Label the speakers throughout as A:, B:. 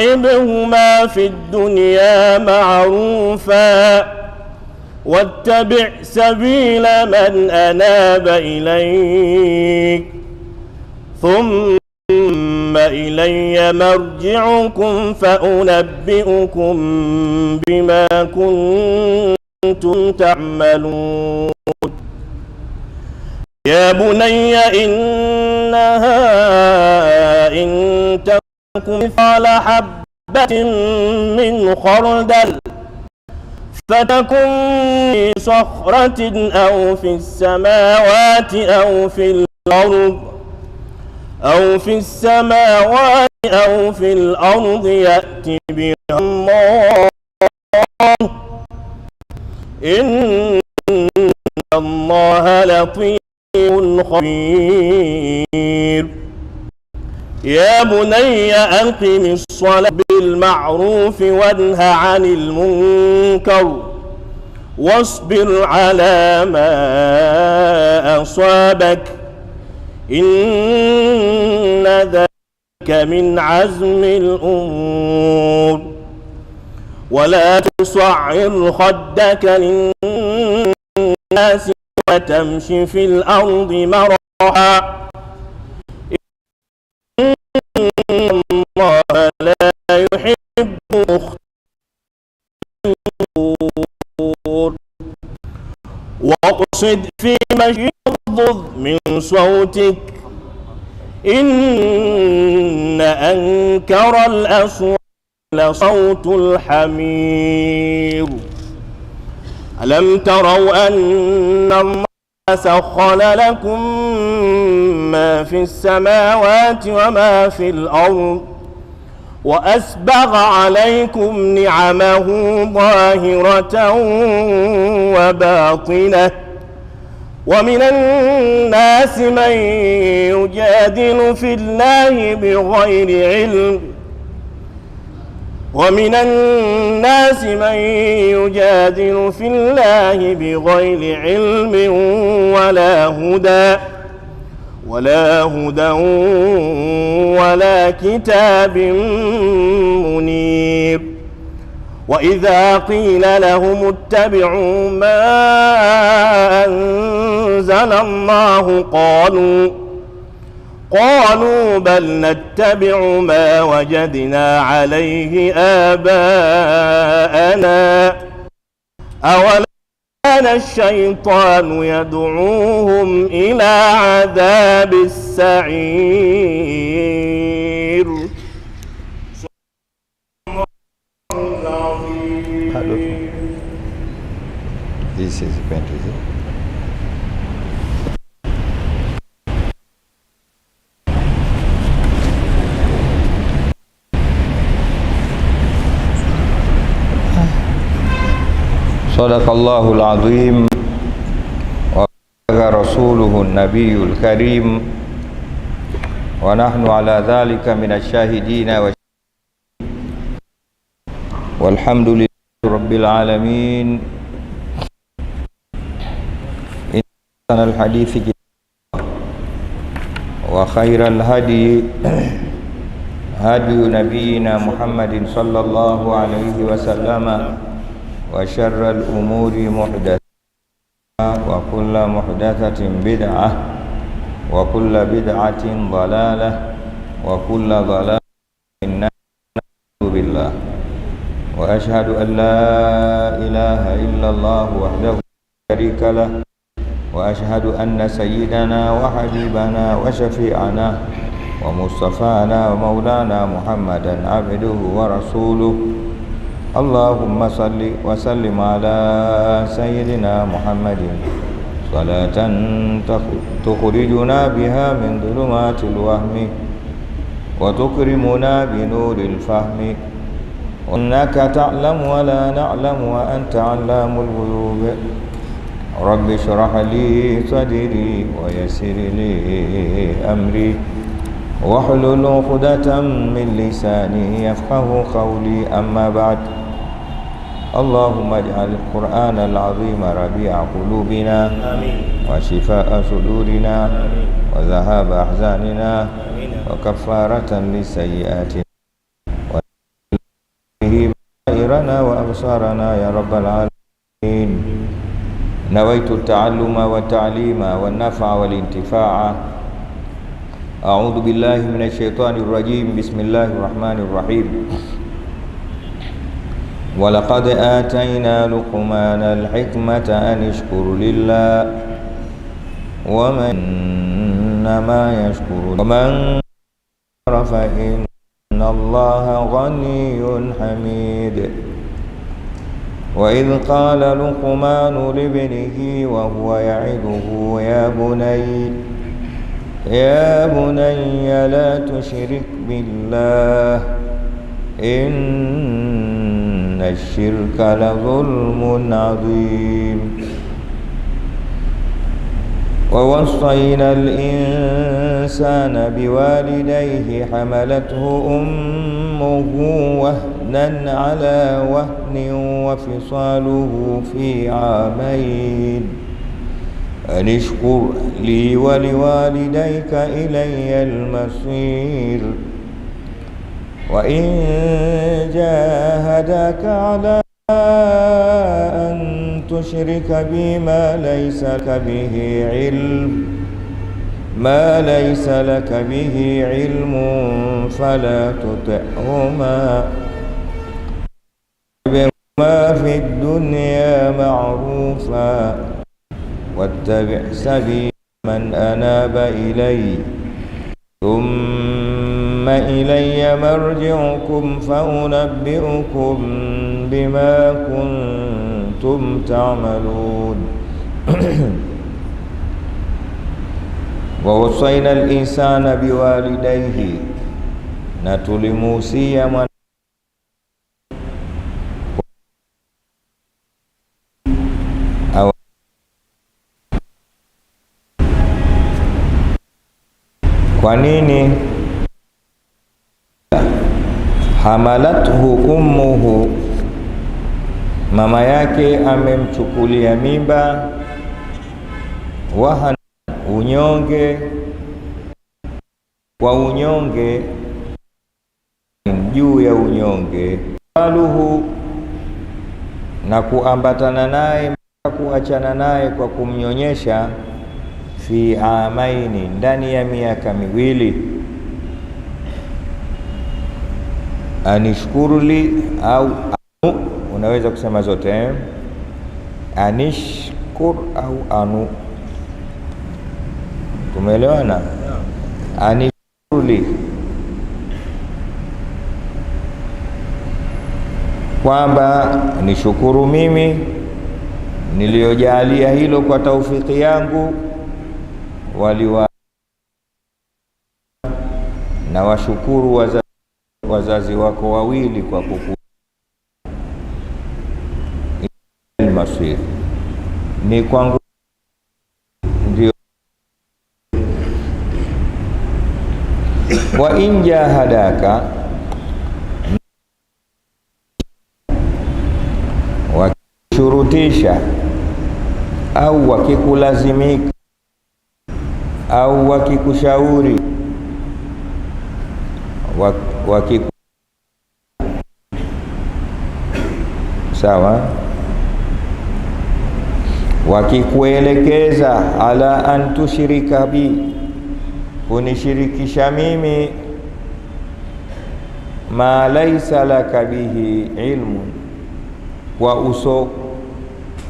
A: صاحبهما في الدنيا معروفا واتبع سبيل من أناب إليك ثم إلي مرجعكم فأنبئكم بما كنتم تعملون يا بني إنها إن مثقال حبة من خردل فتكن في صخرة أو في السماوات أو في الأرض أو في السماوات أو في الأرض يأتي بها الله إن الله لطيف خبير يا بني أقم الصلاة بالمعروف وانه عن المنكر واصبر على ما أصابك إن ذلك من عزم الأمور ولا تصعر خدك للناس وتمشي في الأرض مرحا يحب الخيور واقصد في مشيك من صوتك إن أنكر الأصوات لصوت الحمير ألم تروا أن الله سخر لكم ما في السماوات وما في الأرض وأسبغ عليكم نعمه ظاهرة وباطنة ومن الناس من يجادل في الله بغير علم ومن الناس من يجادل في الله بغير علم ولا هدى ولا هدى ولا كتاب منير وإذا قيل لهم اتبعوا ما أنزل الله قالوا قالوا بل نتبع ما وجدنا عليه آباءنا أولا كان الشيطان يدعوهم إلى عذاب السعير This is better.
B: صدق الله العظيم وبلغ رسوله النبي الكريم ونحن على ذلك من الشاهدين والحمد لله رب العالمين إن الحديث كتاب وخير الهدي هدي نبينا محمد صلى الله عليه وسلم وشر الأمور محدثة وكل محدثة بدعة وكل بدعة ضلالة وكل ضلالة في النار بالله وأشهد أن لا إله إلا الله وحده لا شريك له وأشهد أن سيدنا وحبيبنا وشفيعنا ومصطفانا ومولانا محمدا عبده ورسوله اللهم صل وسلم على سيدنا محمد صلاة تخرجنا بها من ظلمات الوهم وتكرمنا بنور الفهم إنك تعلم ولا نعلم وأنت علام الغيوب رب اشرح لي صدري ويسر لي أمري واحلل عقدة من لساني يفقه قولي أما بعد اللهم اجعل القرآن العظيم ربيع قلوبنا وشفاء صدورنا وذهاب أحزاننا وكفارة لسيئاتنا به بصائرنا وأبصارنا يا رب العالمين نويت التعلم والتعليم والنفع والانتفاع أعوذ بالله من الشيطان الرجيم بسم الله الرحمن الرحيم ولقد آتينا لقمان الحكمة أن اشكر لله ومن إنما يشكر ومن فإن الله غني حميد وإذ قال لقمان لابنه وهو يعظه يا بني يا بني لا تشرك بالله إن إن الشرك لظلم عظيم ووصينا الإنسان بوالديه حملته أمه وهنا على وهن وفصاله في عامين أن اشكر لي ولوالديك إلي المصير وإن جاهدك على أن تشرك بي ما ليس لك به علم ما ليس لك به علم فلا تطعهما ما في الدنيا معروفا واتبع سبيل من أناب إلي ثم إلي مرجعكم فأنبئكم بما كنتم تعملون ووصينا الإنسان بوالديه نتولي tulimuhusia kwa nini hamalathu ummuhu, mama yake amemchukulia mimba. wahan unyonge kwa unyonge, juu ya unyonge. Aluhu, na kuambatana naye kuachana naye kwa kumnyonyesha. Fi amaini, ndani ya miaka miwili anishkuruli au anu, unaweza kusema zote eh? Anishkur au anu, tumeelewana? Anishkuruli, kwamba nishukuru mimi niliyojalia hilo kwa taufiki yangu, waliwa na washukuru wazazi wazazi wako wawili kwa kukumasiri ni kwangu ndio wa hadaka jahadaka wakishurutisha au wakikulazimika au wakikushauri wak wakiku sawa wakikuelekeza ala an tushrika bi, kunishirikisha mimi ma laisa laka bihi ilmu, kwa uso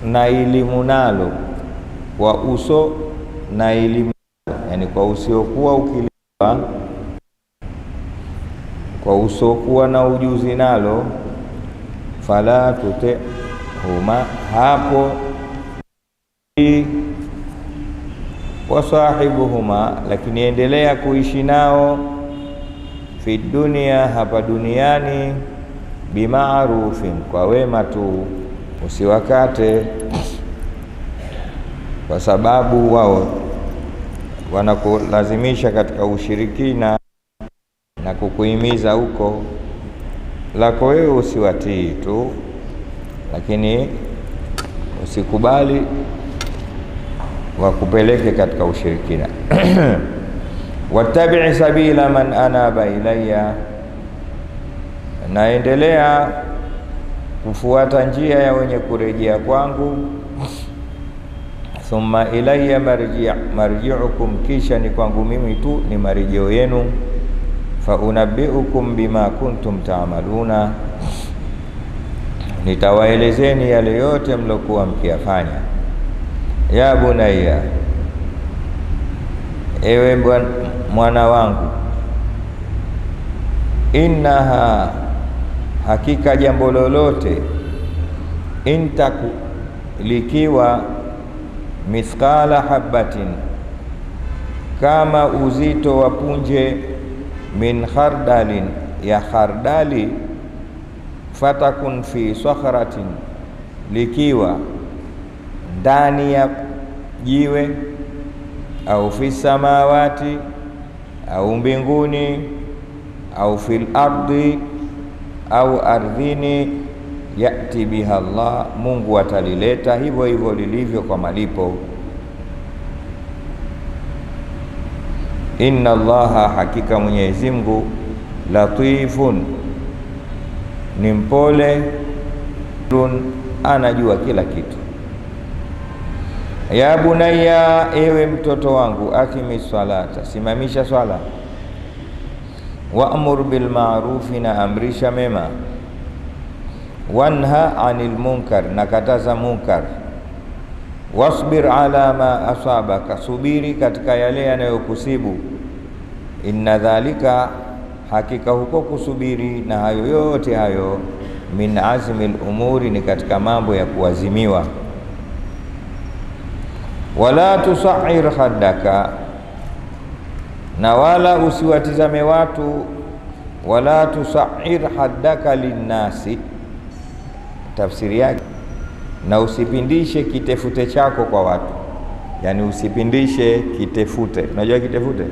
B: na elimu nalo, kwa uso na elimu yani kwa usiokuwa ukilewa kwa usokuwa na ujuzi nalo, fala tute huma hapo wasahibuhuma, lakini endelea kuishi nao fi dunia, hapa duniani bimarufin, kwa wema tu, usiwakate kwa sababu wao wanakulazimisha katika ushirikina na kukuhimiza huko. Lako wewe usiwatii tu, lakini usikubali wakupeleke katika ushirikina. wattabii sabila man anaba ilaya naendelea kufuata njia ya wenye kurejea kwangu. Thumma ilayya marjiukum, kisha ni kwangu mimi tu ni marejeo yenu faunabbiukum bima kuntum taamaluna, nitawaelezeni yale yote mlokuwa mkiyafanya. Ya bunayya, ewe mwana wangu, innaha, hakika jambo lolote, intaku, likiwa mithqala habatin, kama uzito wa punje min khardalin ya khardali fatakun fi sakharatin, likiwa ndani ya jiwe au fi samawati au mbinguni au fil ardi au ardhini, yati biha Allah, Mungu atalileta hivyo hivyo lilivyo kwa malipo. Inna Allaha, hakika Mwenyezi Mungu, latifun, ni mpole, anajua kila kitu. Ya bunayya, ewe mtoto wangu, akimi salata, simamisha swala, waamur ma'rufi, na amrisha mema, wanha anil munkar, nakataza kataza munkar wasbir ala ma asabaka, subiri katika yale yanayokusibu. Inna dhalika, hakika huko kusubiri na hayo yote hayo, min azmi lumuri, ni katika mambo ya kuazimiwa. Wala tusahir haddaka, na wala usiwatizame watu. Wala tusahir haddaka linnasi, tafsiri yake na usipindishe kitefute chako kwa watu, yaani usipindishe kitefute. Unajua kitefute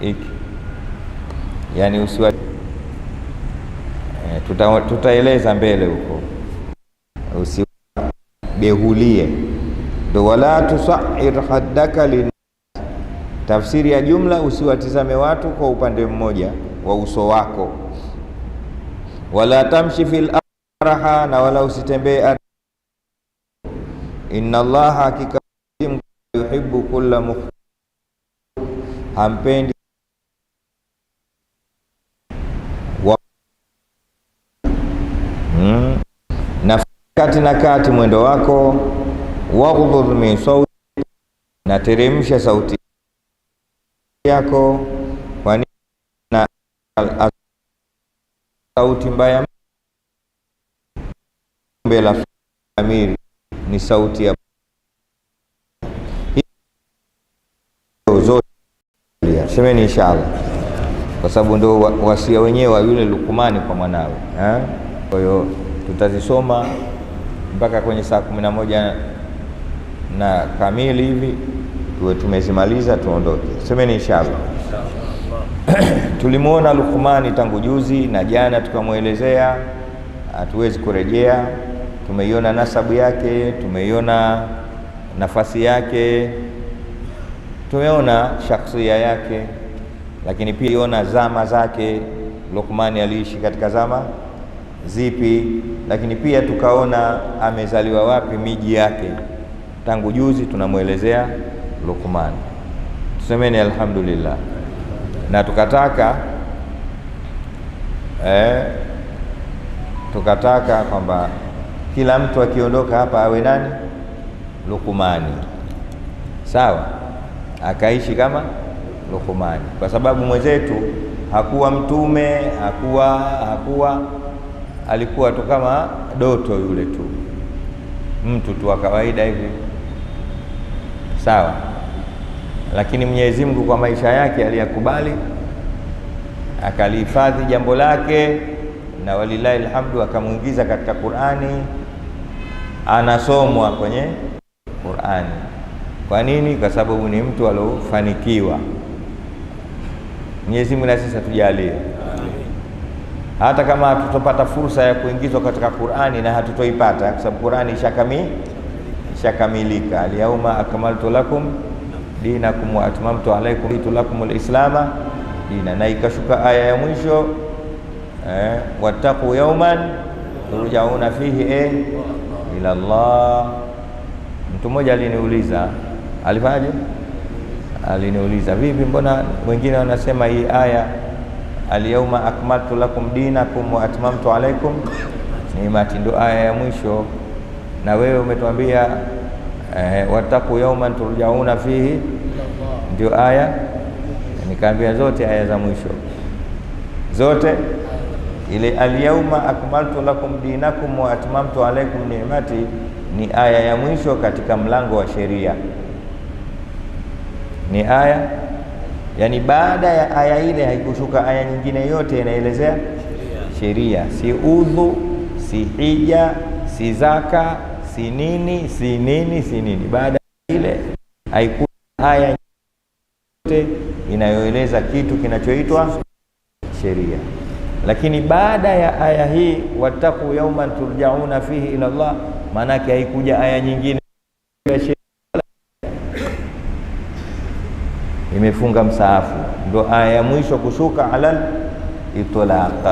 B: hiki, yaani usiwa e, tuta, tutaeleza mbele huko, usibehulie ndo wala tusair haddaka lin tafsiri ya jumla, usiwatizame watu kwa upande mmoja wa uso wako, wala tamshi fil araha, na wala usitembee Inna Allah hakika yuhibbu kulla mukhtalin, hampendi hmm, na kati na kati mwendo wako, waghdhur min sauti, na teremsha sauti yako kwani na sauti mbaya mbele amiri ni sauti ya zote, semeni inshallah, kwa sababu ndio wasia wenyewe wa yule Lukumani kwa mwanawe. Kwa hiyo tutazisoma mpaka kwenye saa kumi na moja na kamili hivi tuwe tumezimaliza, tuondoke. Semeni inshallah. Tulimwona Lukumani tangu juzi na jana tukamwelezea, hatuwezi kurejea tumeiona nasabu yake, tumeiona nafasi yake, tumeona shakhsia yake, lakini pia iona zama zake, Luqmani aliishi katika zama zipi, lakini pia tukaona amezaliwa wapi, miji yake. Tangu juzi tunamwelezea Luqmani, tusemeni alhamdulillah, na tukataka eh, tukataka kwamba kila mtu akiondoka hapa awe nani? Lukumani. Sawa, akaishi kama Lukumani, kwa sababu mwenzetu hakuwa mtume, hakuwa hakuwa, alikuwa tu kama doto yule tu, mtu tu wa kawaida hivi. Sawa, lakini Mwenyezi Mungu kwa maisha yake aliyakubali, akalihifadhi jambo lake, na walilahi alhamdu, akamwingiza katika Qur'ani anasomwa kwenye Qur'ani. Kwa nini? Kwa sababu ni mtu aliofanikiwa. Mwenyezi Mungu na sisi atujalie, hata kama hatutopata fursa ya kuingizwa katika Qur'ani na hatutoipata kwa sababu Qur'ani ishakami ishakamilika, alyauma akmaltu lakum dinakum wa atmamtu alaykum lakum alislama dina, na ikashuka aya ya mwisho eh, wattaqu yawman turjauna fihi eh ila Allah. Mtu mmoja aliniuliza, alifanyaje? Aliniuliza, vipi, mbona wengine wanasema hii aya alyauma akmaltu lakum dinakum wa atmamtu alaikum nimati, ndo aya ya mwisho, na wewe umetuambia eh, wataku yauman turjauna fihi, ndio aya nikaambia, zote aya za mwisho zote ile alyauma akmaltu lakum dinakum wa atmamtu alaykum ni'mati ni aya ya mwisho katika mlango wa sheria, ni aya yani, baada ya aya ile haikushuka aya nyingine yote inaelezea sheria, si udhu, si hija, si zaka, si nini, si nini, si nini. Baada ya ile haikuwa aya yote inayoeleza kitu kinachoitwa sheria. Lakini baada ya aya hii wattaqu yawman turjauna fihi ila Allah, maanake haikuja aya nyingine imefunga msaafu, ndo aya ya mwisho kushuka alal itlaq.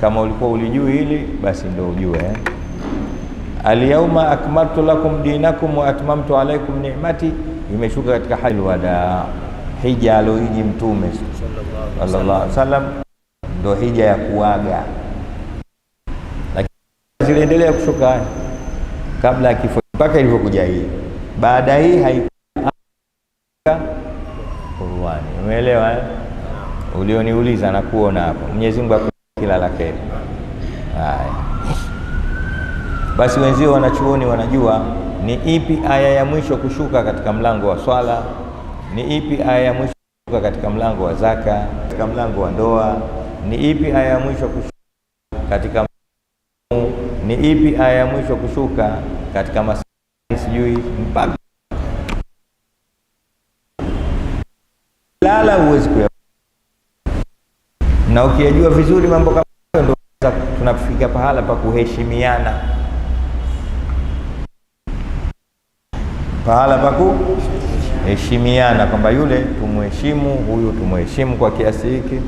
B: Kama ulikuwa ulijui hili basi ndo ujue eh? Alyauma akmaltu lakum dinakum wa atmamtu alaykum ni'mati, imeshuka katika hajjul wadaa, hija aloiji Mtume sallallahu alaihi wasallam ndo hija ya kuaga, lakini ziliendelea kushuka kabla ya kifo mpaka ilivyokuja hii. Baada hii haikuwa Qur'ani. Umeelewa eh? Ulioniuliza na kuona hapo. Mwenyezi Mungu akupe kila la kheri. Haya basi, wenzio wanachuoni wanajua ni ipi aya ya mwisho kushuka katika mlango wa swala, ni ipi aya ya mwisho kushuka katika mlango wa zaka, katika mlango wa ndoa ni ipi aya ya mwisho kushuka katika ni ipi aya ya mwisho kushuka katika masaa sijui mpaka lala huwezi kuya na ukiyajua vizuri mambo kama hayo, ndio tunafika pahala pa kuheshimiana, pahala pa kuheshimiana, kwamba yule tumheshimu huyu tumheshimu kwa kiasi hiki.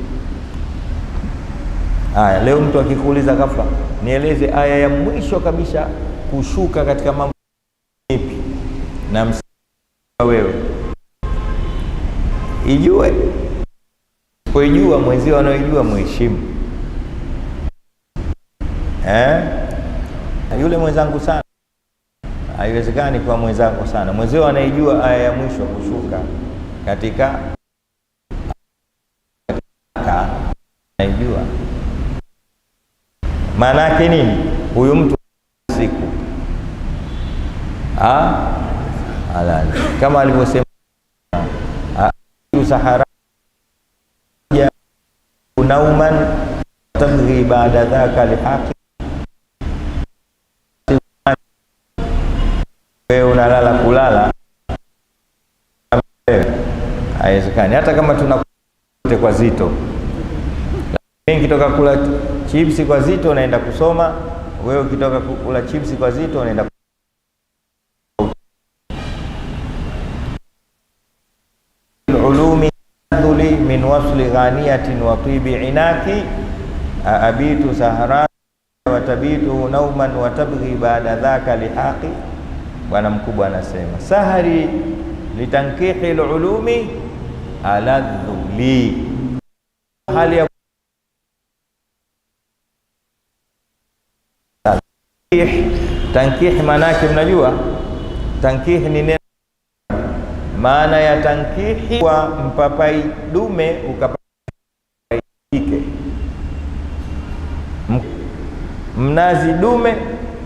B: Haya, leo mtu akikuuliza ghafla, nieleze aya ya mwisho kabisa kushuka katika mambo ipi na wewe ijue kuijua mwenzio anaoijua mheshimu. Eh, yule mwenzangu sana, haiwezekani kwa mwenzangu sana. Mwenzio anaijua aya ya mwisho kushuka katika anaijua Mana maana yake nini? Huyu mtu siku ah? alali kama alivyosema ah, sahara ya. nauman tadhi baada dhaka lihaqi, wewe unalala kulala haiwezekani, hata kama tunakute kwa zito mengi toka kula chipsi kwa zito unaenda kusoma wewe, ukitoka kula chipsi kwa zito unaenda ulumi dhuli min wasli ghaniyatin wa tibi inaki abitu sahara wa tabitu nauman wa tabghi baada dhaka lihaqi. Bwana mkubwa anasema sahari litankihi lulumi aladhuli hali ya Tankih maana yake mnajua, tankih ni neno. Maana ya tankihi kwa mpapai dume ukapapai mnazi dume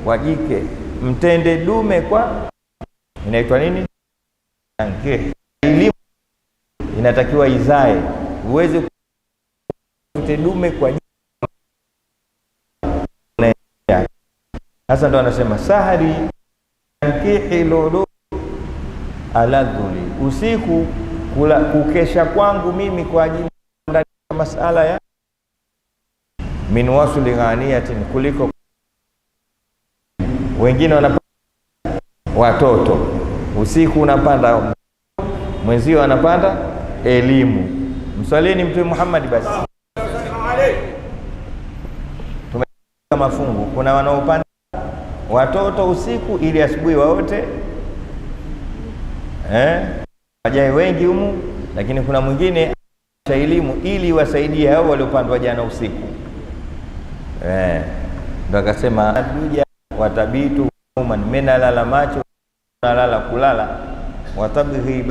B: kwa jike, mtende dume kwa, inaitwa nini? Tankihi. Elimu inatakiwa izae, uweze kutende dume kwa jike. Hasa ndo anasema sahari ankihi lulu aladhuli, usiku kula, kukesha kwangu mimi kwa ajili ya masala ya min wasuli ghaniyatin, kuliko wengine wanapanda watoto usiku, unapanda mwenzio anapanda elimu. Mswalini Mtume Muhammad basi mafungu kuna wanaopanda watoto usiku ili asubuhi waote eh? Wajae wengi humu, lakini kuna mwingine cha elimu ili wasaidie hao waliopandwa jana usiku eh. Ndo akasema duja watabitu man menalala macho nalala kulala watabihi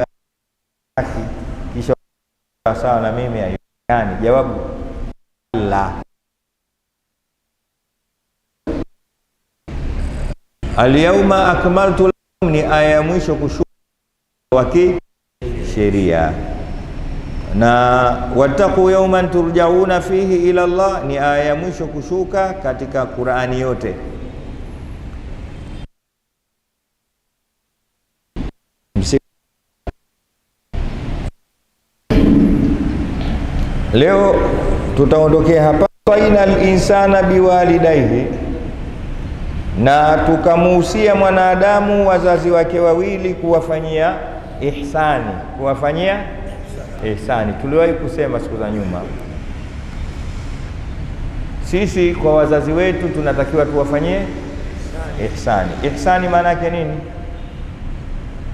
B: haki kisha sawa na mimi ayani jawabu la Alyauma akmaltu lakum ni aya ya mwisho kushuka wa kisheria, na wattaqu yauman turjauna fihi ila Allah ni aya ya mwisho kushuka katika Qur'ani yote. Leo tutaondokea hapa, wasaina insana biwalidaihi na tukamuhusia mwanadamu wazazi wake wawili kuwafanyia ihsani, kuwafanyia ihsani. Tuliwahi kusema siku za nyuma, sisi kwa wazazi wetu tunatakiwa tuwafanyie ihsani. Ihsani maana yake nini?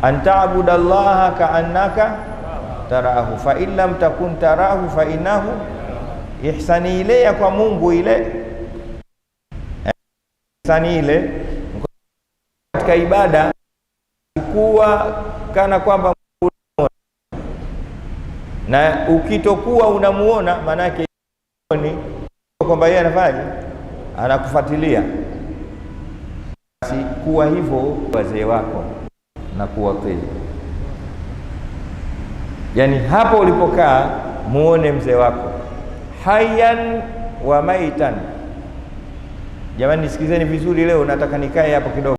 B: antabuda llaha kaannaka tarahu fa in lam takun tarahu fa innahu ihsani ile ya kwa Mungu ile Sani ile katika ibada kuwa kana kwamba na ukitokuwa unamuona, yake ni kwamba yeye anafanya anakufuatilia. Basi kuwa hivyo wazee wako na kuwa kweli, yani hapo ulipokaa muone mzee wako hayan wa maitan Jamani, nisikizeni vizuri, leo nataka nikae hapo kidogo.